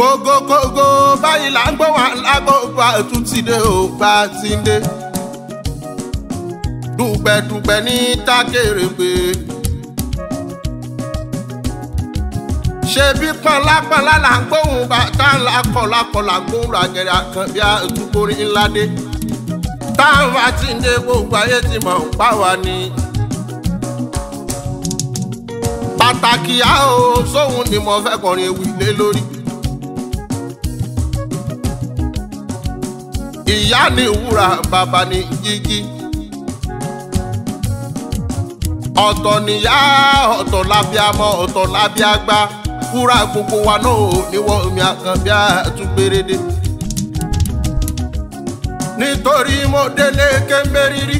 kógókógó báyìí là ń gbọ́ wà lágbógbà tún ti dé o bá ti dé. dùgbẹ̀dùgbẹ̀ ní tákèrègbè. ṣebí pọnlápọnlá là ń gbóhùn bàtà ńlá kọlákọ là ń gbóhùn àgẹrẹ àkànbí àtúkórí ńlá dé. táwọn bá ti ń dé gbogbo ayé ti mọ̀ ń pa wá ni. pàtàkì àá o sóhun ni mo fẹ́ kọrin ewì lé lórí. ìyá ni wúrà bàbá ni jíjí ọ̀tọ̀ níyá ọ̀tọ̀ lábíamọ ọ̀tọ̀ lábíagbá wúrà gbogbo wa náà níwọ̀ omi tún àtúgbérédé nítorí mo délé kéńbé rírí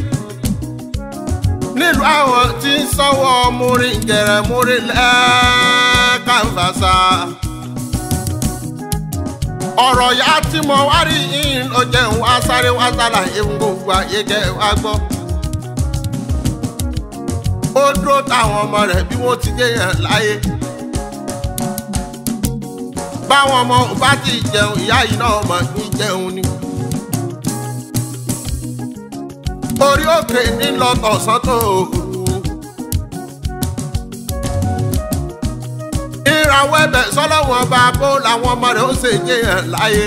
nílùú àwọn tí ń sọ́wọ́ múrin jẹ̀rẹ̀ múrin lẹ́ẹ̀ẹ́ ọ̀rọ̀ yá tí mo wá rí yín ló jẹun wá sáré wá sálà ewu gbogbo ayé jẹ́ wá gbọ́. ó dúró táwọn ọmọ rẹ̀ bí wọ́n ti yéèyàn láyé. báwọn ọmọ ò bá ti jẹun ìyá yìí náà mọ̀ ní jẹun ni. orí òkè ní lọ́tọ̀ sọ́tò òru. àwọn ẹ̀bẹ̀ sọ́lọ́wọ́n bá bó làwọn ọmọ rẹ̀ ó ṣe yé ẹ̀ láyé.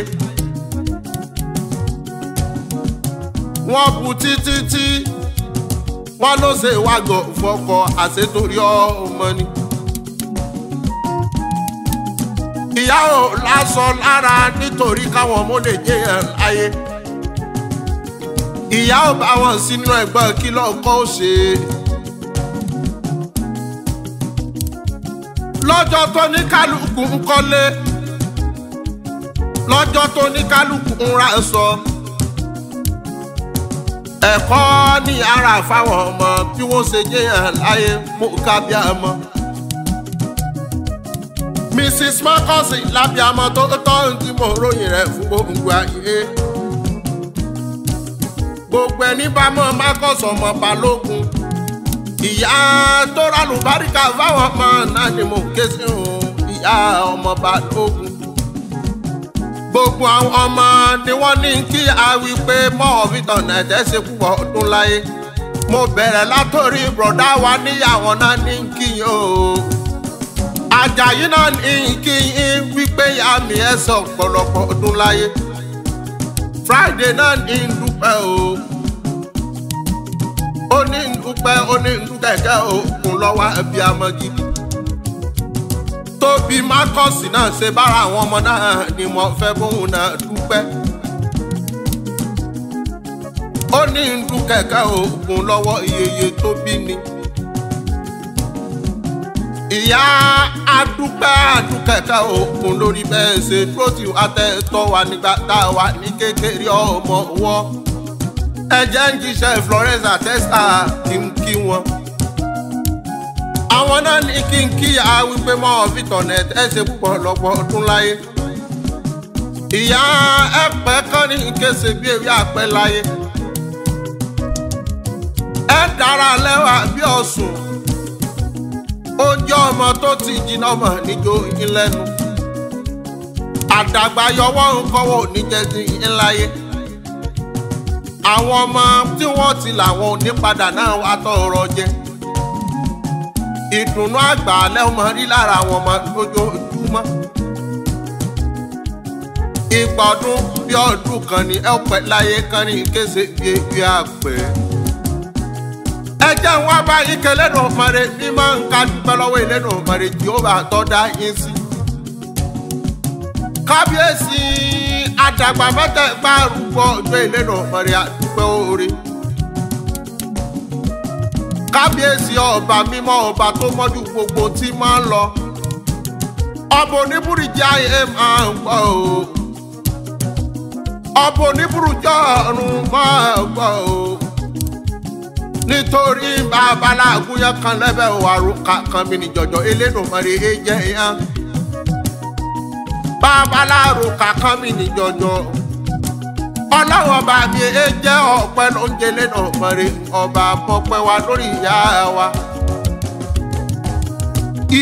wọ́n bu títí tí wọ́n ló ṣe wàgọ̀ fọkọ̀ àṣetorí ọmọ ni. ìyá ò lásọ lára nítorí káwọn ọmọ lè yé ẹ̀ láyé. ìyá ò bá wọn sínú ẹ̀gbọ́n kí lọ́kọ́ ṣe é. lọ́jọ́ tó ní kálukú ń kọ́lé lọ́jọ́ tó ní kálukú ń ra sọ. ẹ̀kọ́ ní ara fáwọn ọmọ bí wọ́n ṣe jẹ́yàn láyé mú kábíàmọ. Mrs. Marcus lábíàmọ tó tọ́ ń tí mo ròyìn rẹ̀ fún gbogbo ayé. gbogbo ẹni bá mọ̀ Marcus ọmọ Balógun ìyá tó rálùbáríkà fáwọn ọmọ náà ni mò ń ké sí o ìyá ọmọ balógun gbogbo àwọn ọmọ ni wọ́n ní kí a wí pé mọ́ọ̀ fi tọ̀nà ṣe púpọ̀ ọdún láyé mo bẹ̀rẹ̀ látòrí bùrọ̀dá wa níyàwó náà ní kíyìn o Àjàyí náà ní kíyìn wípé àmì ẹ̀ sọ ọ̀pọ̀lọpọ̀ ọdún láyé Friday náà ní dúpẹ́ o ó ní pẹ́ ó ní kẹ̀kẹ́ òkun lọ́wọ́ ẹbí tóbi ṣe bára àwọn ọmọ náà ni mo fẹ́ bóun náà dúpẹ́. ó ní ìlú kẹ̀kẹ́ òkun iyeye tóbi ni. ìyá adúpẹ́ adúkẹ̀kẹ́ òkun lórí bẹ́ẹ̀ ṣe tó àtẹ̀tọ́ wa nígbà tá ọmọ wọ́ ń jíṣẹ́ Florence kí wọn. àwọn náà ní kí n kíyà á wípé mọ́ ọ̀fìtọ̀nẹ̀ ẹ̀ ṣe púpọ̀ lọ́pọ̀ ọdún láyé. ìyá ẹ̀pẹ́ kọ́ ní kése bí ewé àpẹ́ láyé. ẹ dára lẹ́wà bí ọ̀sùn. ó jẹ́ ọmọ tó ti jiná mọ̀ níjó yín lẹ́nu. àdàgbà yọwọ́ ń kọ́wọ́ ò ní jẹ́ sí yín láyé. àwọn ọmọ tí wọ́n ti làwọn onípadà náà wá tọrọ jẹ ìdùnnú àgbà alẹ́ ọmọ rí lára àwọn ọmọ lójoojúmọ́ ìgbà ọdún bí ọdún kan ní ẹ pẹ́ láyé kan ní kése bí ebi àpẹ́ ẹ jẹ́ wọn bá yín kẹlẹ́nu ọmọ rẹ bí máa ń ká dúpẹ́ lọ́wọ́ ìlẹ́nu ọmọ rẹ tí ó bá tọ́ da yín sí. kábíyèsí àdàgbà mẹ́tẹ̀ẹ̀gbà rúbọ ọjọ́ ìlẹ́nu ọ̀mọ̀rẹ́ àdúgbò oore kábíyèsí ọba mímọ́ ọba tó mọ́jú gbogbo tí máa ń lọ ọba oníbùrìjà im máa ń gbọ́ o ọba oníbùrùjọ́ ọ̀run máa ń gbọ́ o nítorí babaláàgúnyẹ kan lẹ́bẹ̀ẹ́ òwàrú kan ni ní jọ̀jọ̀ elédùnmọ̀rẹ́ ẹ jẹ́ yẹn. babaláro kankan mi ní jọjọ ọlọ́wọ́ bá mi ẹ jẹ́ ọ̀pẹ lóúnjẹ lẹ́nu ọ̀pẹ̀rẹ̀ ọba pọpẹ́ wa lórí ìyá wa.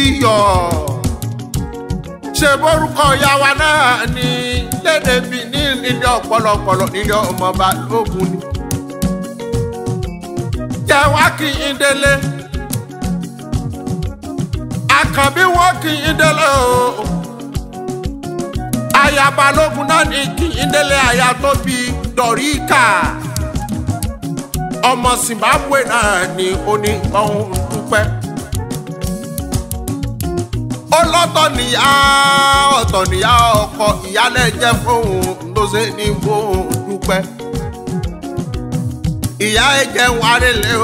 iyọ̀ ṣe borúkọ ìyá wa náà ni léde bí ní nílé ọ̀pọ̀lọpọ̀lọ nílé ọmọọba lóògùn ni. jẹ́ wá kí n délé àkànbí wọ́n kí n délé o. ya balógun náà ní kí ìdílé aya tó bí dọ̀ríkà ọmọ zimbabwe náà ní ọ̀hún dúpẹ́. ó níyà ọ̀tọ̀ ọkọ ìyálẹ̀ jẹ́ fóun ní fóun dúpẹ́. ìyá ẹ jẹun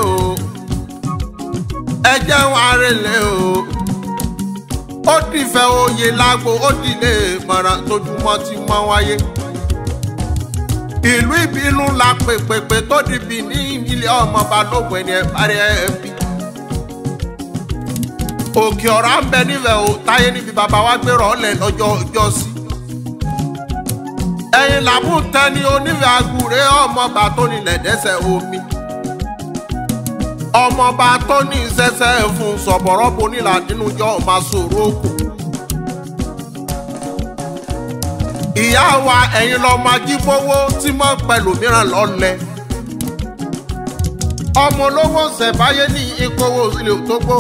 o ẹ jẹun arẹlẹ o. ó dìfẹ́ oyè lágbo ó dìlé ìmọ̀ràn tójúmọ́ ti mọ́ wáyé. ìlú ìbínú la pèpèpè tó dìbì ní ilé ọmọ balógun ẹni ẹ̀fárí ẹ̀fí. òkè ọ̀rá ń bẹ níbẹ̀ o táyé níbi bàbá wa gbé rọ̀ọ́lẹ̀ lọ́jọ́ ọjọ́ sí. ẹ̀yìn làbùtẹ́ni onífẹ́ agùnrẹ́ ọmọ bàtó nílẹ̀ dẹ́sẹ̀ omi ọmọọba tó ní ìṣẹ̀ṣẹ̀ fún sọ̀bọ̀rọ̀bù nílà nínú jọ máa ṣòro kù. ìyá wa ẹ̀yin lọ máa jí fowó tí mọ́ pẹ̀lú mìíràn lọ́lẹ̀. ọmọ olówó ṣẹ̀báyé ní ìkówó ilé tó gbó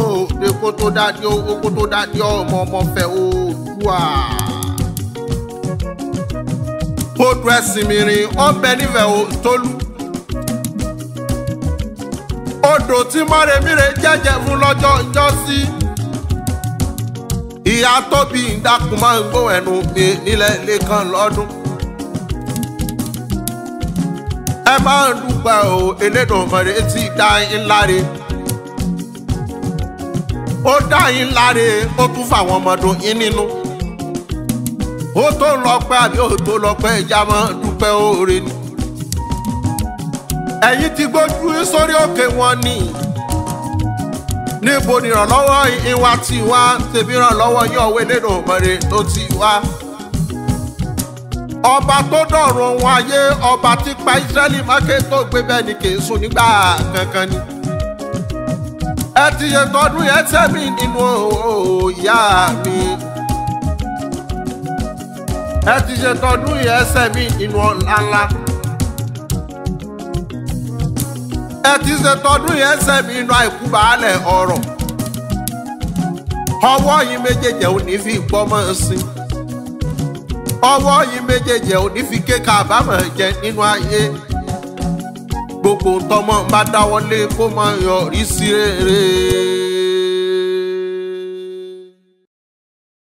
epo tó dáadé oko tó dáadé ọmọ ọmọ fẹ́ oòdùà. kódù ẹ̀sìn mìíràn ó nífẹ̀ẹ́ tólú. odò tí mọ́remíre jẹ́jẹ́ fún lọ́jọ́ ìjọ́sí. ìyá tóbi ìdákun máa ń gbó ẹnu mi nílẹ̀ lẹ́kàn lọ́dún. ẹ máa ń dúpẹ́ o Elédùmarè ti dá yín láre. ó dá yín láre ó tún fàwọn ọmọdún yín nínú. ó tó àbí ìjà máa ń dúpẹ́ ẹ̀yin ti gbójú sórí òkè wọn ni níbo ni ìrànlọ́wọ́ ìwà tí wá tèmi ìrànlọ́wọ́ yín ọ̀wé nínú tó ti wá. ọba tó dọ̀rùn wọn ayé ọba ti pa Ísírẹ́lì mákè tó gbé bẹ́ẹ̀ ni kì í sùn nígbà kankan ni. ẹ ti yẹ tọdún yẹn tẹ́mi nínú ìyá mi. ẹ ti yẹ tọdún yẹn ẹsẹ̀ nínú ọ̀la ńlá. ẹ ti ṣe tọdún yẹn sẹ́mi inú àìkú baálẹ̀ ọ̀rọ̀ ọwọ́ yìí méjèèjì ò ní ọwọ yi sí ọwọ́ yìí méjèèjì ninu fi gbogbo tọmọ bá kó mọ yọrí sí